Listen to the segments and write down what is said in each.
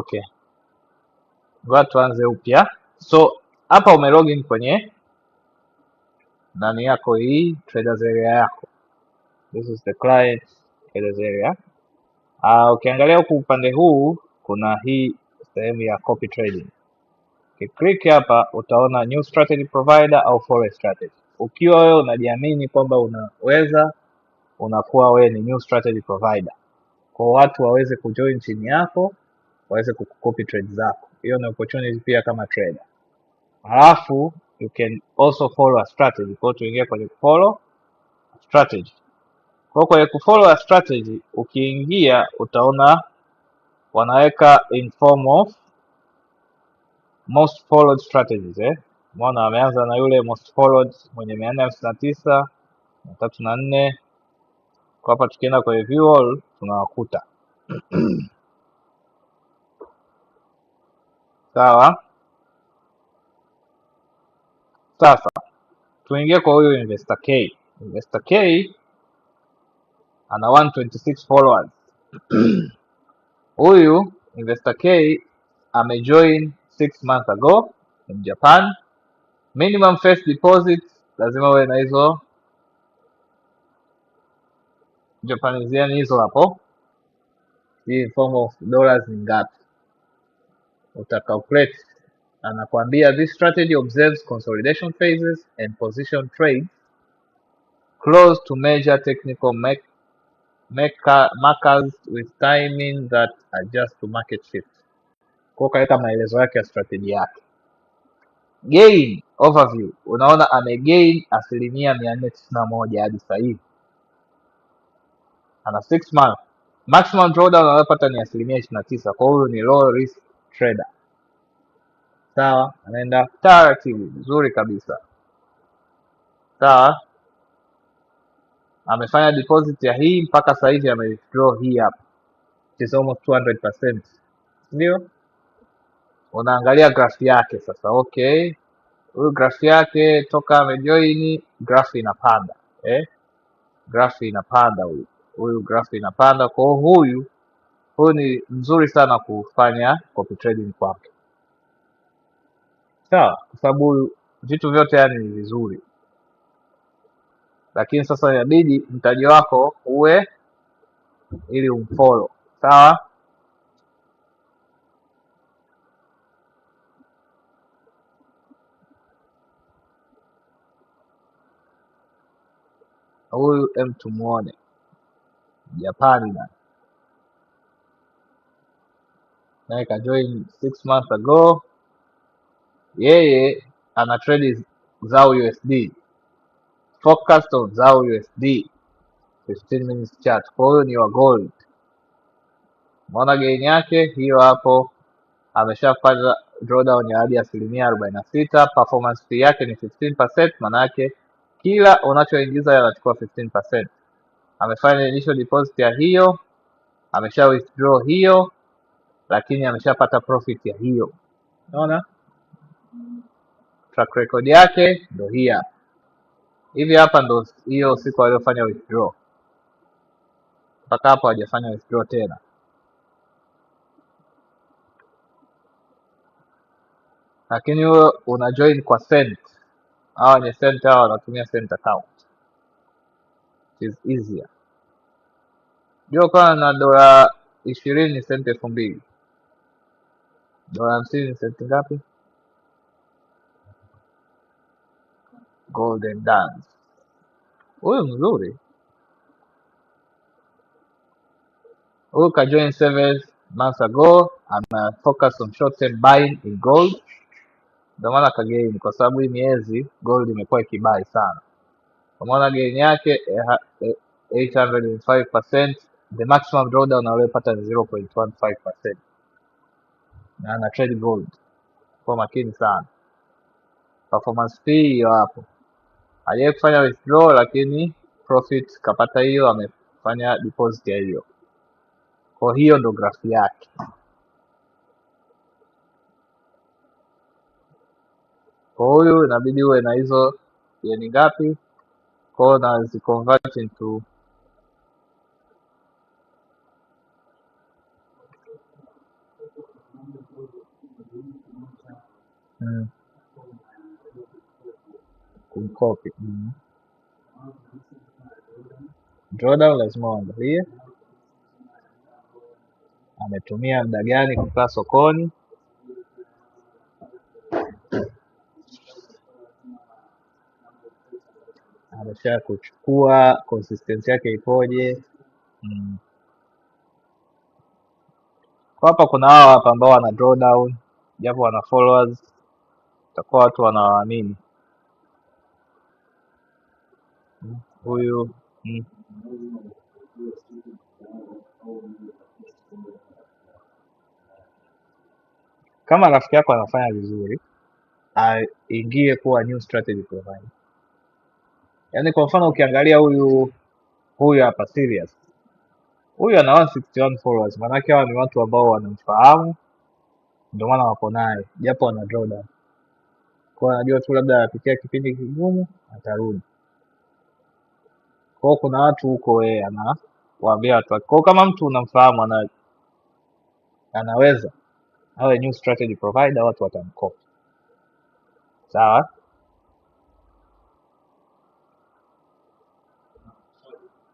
Okay, ngoa tuanze upya. So hapa ume login kwenye nani yako hii traders area yako, this is the client traders area. Uh, ukiangalia huku upande huu kuna hii sehemu ya copy trading. Ukiklik hapa utaona new strategy provider au forex strategy. Ukiwa wewe unajiamini kwamba unaweza, unakuwa wewe ni new strategy provider kwa watu waweze kujoin chini yako waweze kucopy trade zako. Hiyo ni opportunity pia kama trader. Halafu you can also follow a strategy, kwa tuingie kwenye follow strategy. Kwa kwenye kufollow a strategy, ukiingia utaona wanaweka in form of most followed strategies eh. Mwana wameanza na yule most followed mwenye mia nne hamsini na tisa mia tatu na nne kwa hapa tukienda kwenye view all tunawakuta sawa. Sasa tuingie kwa huyu investor K. Investor K ana 126 followers huyu investor K amejoin 6 months ago in Japan. Minimum first deposit lazima uwe na hizo Japanese yen hizo hapo, hii form of dollars ni ngapi? Uta calculate, anakuambia this strategy observes consolidation phases and position trades close to major technical make, make, markers with timing that adjust to market shift. Kwa kaweka maelezo yake ya strategy yake. Gain overview, unaona ame gain asilimia mia nne tisini na moja hadi sasa hivi ana six month maximum drawdown anayopata ni asilimia ishirini na tisa. Kwa huyu ni low risk trader, sawa. Anaenda taratibu vizuri kabisa, sawa. Amefanya deposit ya hii mpaka sasa hivi ame withdraw hii hapa, it's almost 200%, ndio unaangalia graph yake sasa. Okay, huyu graph yake toka amejoin graph inapanda eh? graph inapanda huyu huyu grafu inapanda. Kwa hiyo huyu huyu ni mzuri sana kufanya copy trading kwake, sawa, kwa sababu vitu vyote yani ni vizuri, lakini sasa inabidi mtaji wako uwe ili umfollow, sawa. Huyu em tumuone Japani na naika join six months ago. Yeye ana trade zao USD, focused on zao USD 15 minutes chart. Kwa hiyo ni wa gold, maona gain yake hiyo hapo, ameshapata drawdown ya hadi asilimia arobaini na Performance fee yake ni 15%, maana yake kila unachoingiza anachukua 15% amefanya initial deposit ya hiyo, amesha withdraw hiyo, lakini ameshapata profit ya hiyo. Unaona track record yake ndo hii hapa. Hivi hapa ndo hiyo siku aliyofanya withdraw, mpaka hapo hajafanya withdraw tena. Lakini wewe una join kwa cent. Hawa ni cent, hawa wanatumia cent account is easier. Jua ukawa na dola ishirini ni senti elfu mbili dola hamsini ni senti ngapi? Golden Dance. Huyu mzuri huyu, kajoin service months ago, ana focus on short term buying in gold, ndio maana kageini, kwa sababu hii miezi gold imekuwa ikibai sana kwa maana gain yake 805%, eh, eh, the maximum drawdown aliyopata ni 0.15%, na ana trade gold. Kwa makini sana, performance fee hiyo hapo, hajawahi kufanya withdraw, lakini profit kapata hiyo, amefanya deposit ya hiyo. Kwa hiyo ndo grafi yake. Kwa huyu inabidi uwe na hizo yeni ngapi codons converge into mm. copy mm. Jordan lazima uangalie ametumia muda gani kukaa sokoni. cha kuchukua, consistency yake ipoje? Mm. Kwa hapa kuna hawa hapa ambao wana draw down japo wana followers, utakuwa watu wanawaamini hmm, huyu mm. Kama rafiki yako anafanya vizuri, aingie kuwa new strategy provider. Yaani kwa mfano ukiangalia huyu huyu hapa serious Huyu ana 161 followers. Maana yake hawa ni watu ambao wanamfahamu ndio maana wako naye japo ana draw Kwa anajua tu labda anapitia kipindi kigumu atarudi. Kwa hiyo kuna watu huko yeye ana waambia watu wake. Kwa kama mtu unamfahamu ana anaweza awe new strategy provider, watu watamkopa. Sawa?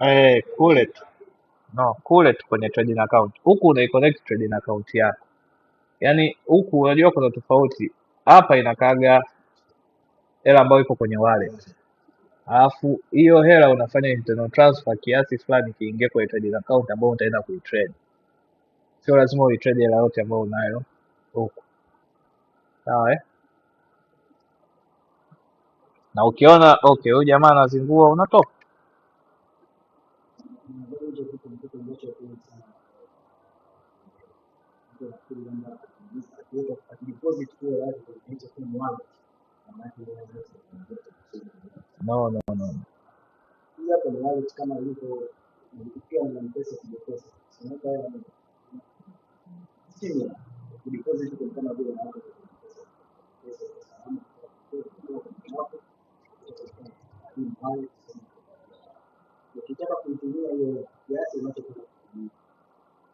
Hey, eh, kule tu. No, kule tu kwenye trading account. Huku unaiconnect trading account yako. Yaani huku unajua kuna tofauti. Hapa inakaga hela ambayo iko kwenye wallet. Alafu hiyo hela unafanya internal transfer kiasi fulani kiingie kwenye trading account ambayo utaenda kuitrade. Sio lazima uitrade hela yote ambayo unayo huku. Sawa eh? na ukiona okay, huyu jamaa anazingua, unatoka. No, no, no mbaya sana. Ukitaka kuitumia hiyo kiasi unachotaka kutumia,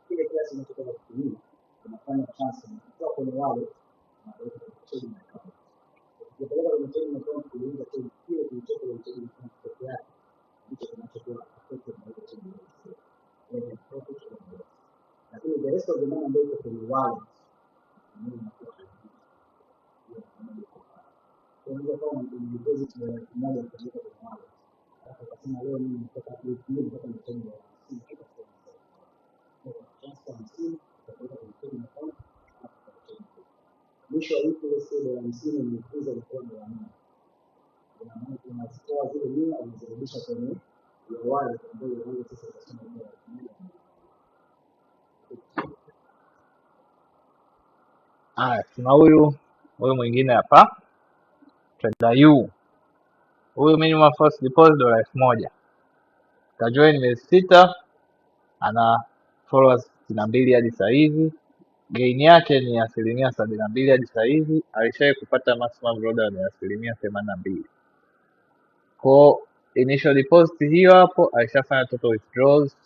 kile kiasi unachotaka kutumia unafanya transfer kutoka kwenye wallet na kuweka kwenye trading account. Ukipeleka kwenye trading account, kuingiza kile kilichoko kwenye trading account peke yake ndicho kinachokuwa affected na hiyo trading account, Lakini the rest of the money ambayo iko kwenye wallet unaweza kama ni deposit ya laki moja kupeleka kwa mwaka. Sasa kasema leo mimi nataka hiyo nataka mchango wa 50 kwa kwa transfer 50 kupeleka kwa mkopo na kwa mwisho wa wiki ile sio dola 50 imekuza ilikuwa dola 4. Ina maana unazitoa zile mia unazirudisha kwenye ya wale ambao wale sasa wanasema dola 1. Haya, tuna huyu huyu mwingine hapa trader U. huyu minimum first deposit dola elfu moja kajoin miezi sita, ana followers sitini na mbili hadi sasa hivi. Gain yake ni asilimia sabini na mbili hadi sasa hivi. Alishai kupata maximum drawdown ya asilimia themanini na mbili ko initial deposit hiyo hapo alishafanya total withdrawals.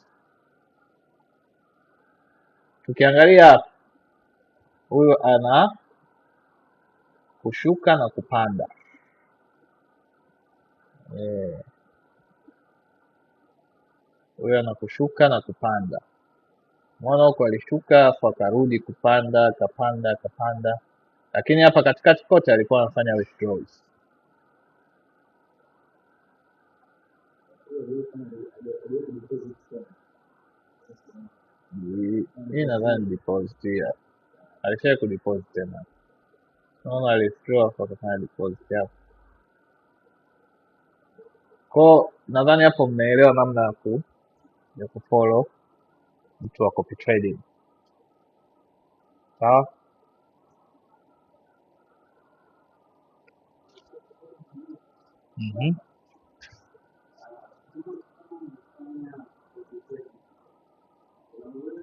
Tukiangalia hapa, huyo ana kushuka na kupanda Eh. huyo kushuka na kupanda. Umeona huko alishuka afu akarudi kupanda, akapanda, akapanda, lakini hapa katikati kote alikuwa anafanya withdrawals. Hii nadhani deposit ya alishai kudeposit tena, naona alithrow afu akafanya deposit hapo Kwao nadhani hapo mmeelewa namna ya ku ya kufollow mtu wa copy trading. Sawa? Mhm.